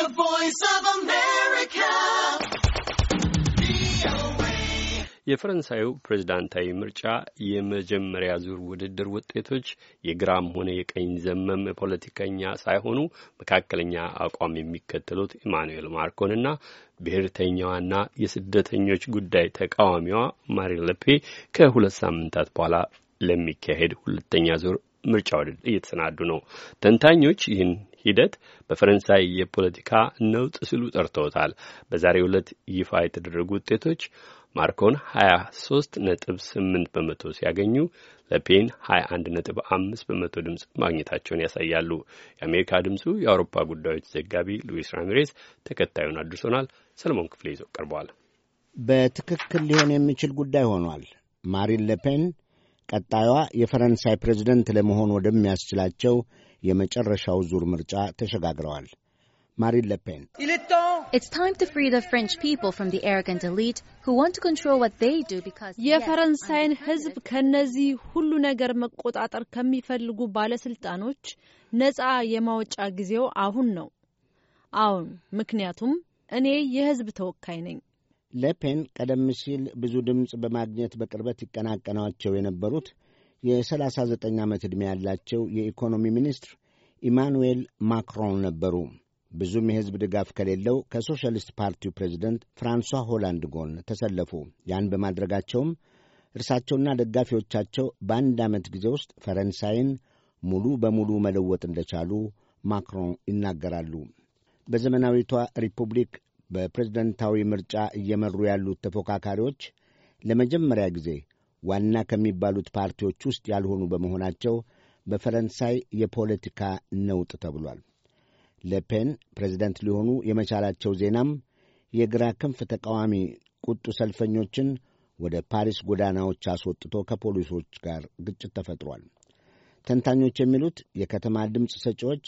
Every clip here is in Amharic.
The Voice of America. የፈረንሳዩ ፕሬዝዳንታዊ ምርጫ የመጀመሪያ ዙር ውድድር ውጤቶች የግራም ሆነ የቀኝ ዘመም ፖለቲከኛ ሳይሆኑ መካከለኛ አቋም የሚከተሉት ኢማኑኤል ማክሮንና ብሔርተኛዋና የስደተኞች ጉዳይ ተቃዋሚዋ ማሪን ለፔ ከሁለት ሳምንታት በኋላ ለሚካሄድ ሁለተኛ ዙር ምርጫ እየተሰናዱ ነው። ተንታኞች ይህን ሂደት በፈረንሳይ የፖለቲካ ነውጥ ሲሉ ጠርተውታል። በዛሬው ዕለት ይፋ የተደረጉ ውጤቶች ማርኮን 23 ነጥብ 8 በመቶ ሲያገኙ ለፔን 21 ነጥብ 5 በመቶ ድምፅ ማግኘታቸውን ያሳያሉ። የአሜሪካ ድምፁ የአውሮፓ ጉዳዮች ዘጋቢ ሉዊስ ራሚሬስ ተከታዩን አድርሶናል። ሰለሞን ክፍሌ ይዞ ቀርቧል። በትክክል ሊሆን የሚችል ጉዳይ ሆኗል። ማሪን ለፔን ቀጣዩዋ የፈረንሳይ ፕሬዚደንት ለመሆን ወደሚያስችላቸው የመጨረሻው ዙር ምርጫ ተሸጋግረዋል። ማሪን ለፔን የፈረንሳይን ሕዝብ ከነዚህ ሁሉ ነገር መቆጣጠር ከሚፈልጉ ባለስልጣኖች ነፃ የማውጫ ጊዜው አሁን ነው። አሁን ምክንያቱም እኔ የሕዝብ ተወካይ ነኝ። ለፔን ቀደም ሲል ብዙ ድምፅ በማግኘት በቅርበት ይቀናቀናቸው የነበሩት የ39 ዓመት ዕድሜ ያላቸው የኢኮኖሚ ሚኒስትር ኢማኑኤል ማክሮን ነበሩ። ብዙም የሕዝብ ድጋፍ ከሌለው ከሶሻሊስት ፓርቲው ፕሬዚደንት ፍራንሷ ሆላንድ ጎን ተሰለፉ። ያን በማድረጋቸውም እርሳቸውና ደጋፊዎቻቸው በአንድ ዓመት ጊዜ ውስጥ ፈረንሳይን ሙሉ በሙሉ መለወጥ እንደቻሉ ማክሮን ይናገራሉ። በዘመናዊቷ ሪፑብሊክ በፕሬዝደንታዊ ምርጫ እየመሩ ያሉት ተፎካካሪዎች ለመጀመሪያ ጊዜ ዋና ከሚባሉት ፓርቲዎች ውስጥ ያልሆኑ በመሆናቸው በፈረንሳይ የፖለቲካ ነውጥ ተብሏል። ለፔን ፕሬዝደንት ሊሆኑ የመቻላቸው ዜናም የግራ ክንፍ ተቃዋሚ ቁጡ ሰልፈኞችን ወደ ፓሪስ ጎዳናዎች አስወጥቶ ከፖሊሶች ጋር ግጭት ተፈጥሯል። ተንታኞች የሚሉት የከተማ ድምፅ ሰጪዎች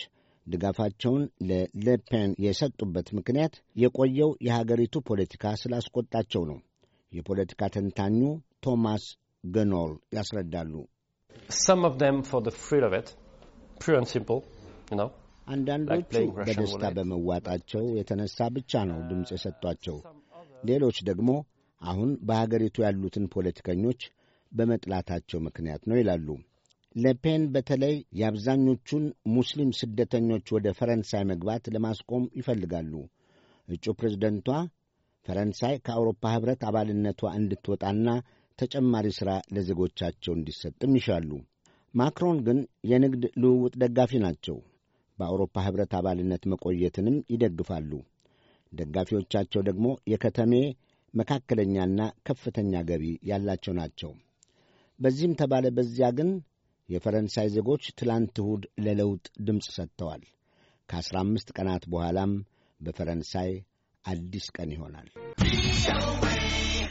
ድጋፋቸውን ለለፔን የሰጡበት ምክንያት የቆየው የሀገሪቱ ፖለቲካ ስላስቆጣቸው ነው። የፖለቲካ ተንታኙ ቶማስ ገኖል ያስረዳሉ። አንዳንዶቹ በደስታ በመዋጣቸው የተነሳ ብቻ ነው ድምፅ የሰጧቸው። ሌሎች ደግሞ አሁን በሀገሪቱ ያሉትን ፖለቲከኞች በመጥላታቸው ምክንያት ነው ይላሉ። ለፔን በተለይ የአብዛኞቹን ሙስሊም ስደተኞች ወደ ፈረንሳይ መግባት ለማስቆም ይፈልጋሉ። እጩ ፕሬዝደንቷ ፈረንሳይ ከአውሮፓ ኅብረት አባልነቷ እንድትወጣና ተጨማሪ ሥራ ለዜጎቻቸው እንዲሰጥም ይሻሉ። ማክሮን ግን የንግድ ልውውጥ ደጋፊ ናቸው። በአውሮፓ ኅብረት አባልነት መቆየትንም ይደግፋሉ። ደጋፊዎቻቸው ደግሞ የከተሜ መካከለኛና ከፍተኛ ገቢ ያላቸው ናቸው። በዚህም ተባለ በዚያ ግን የፈረንሳይ ዜጎች ትላንት እሁድ ለለውጥ ድምፅ ሰጥተዋል። ከአስራ አምስት ቀናት በኋላም በፈረንሳይ አዲስ ቀን ይሆናል።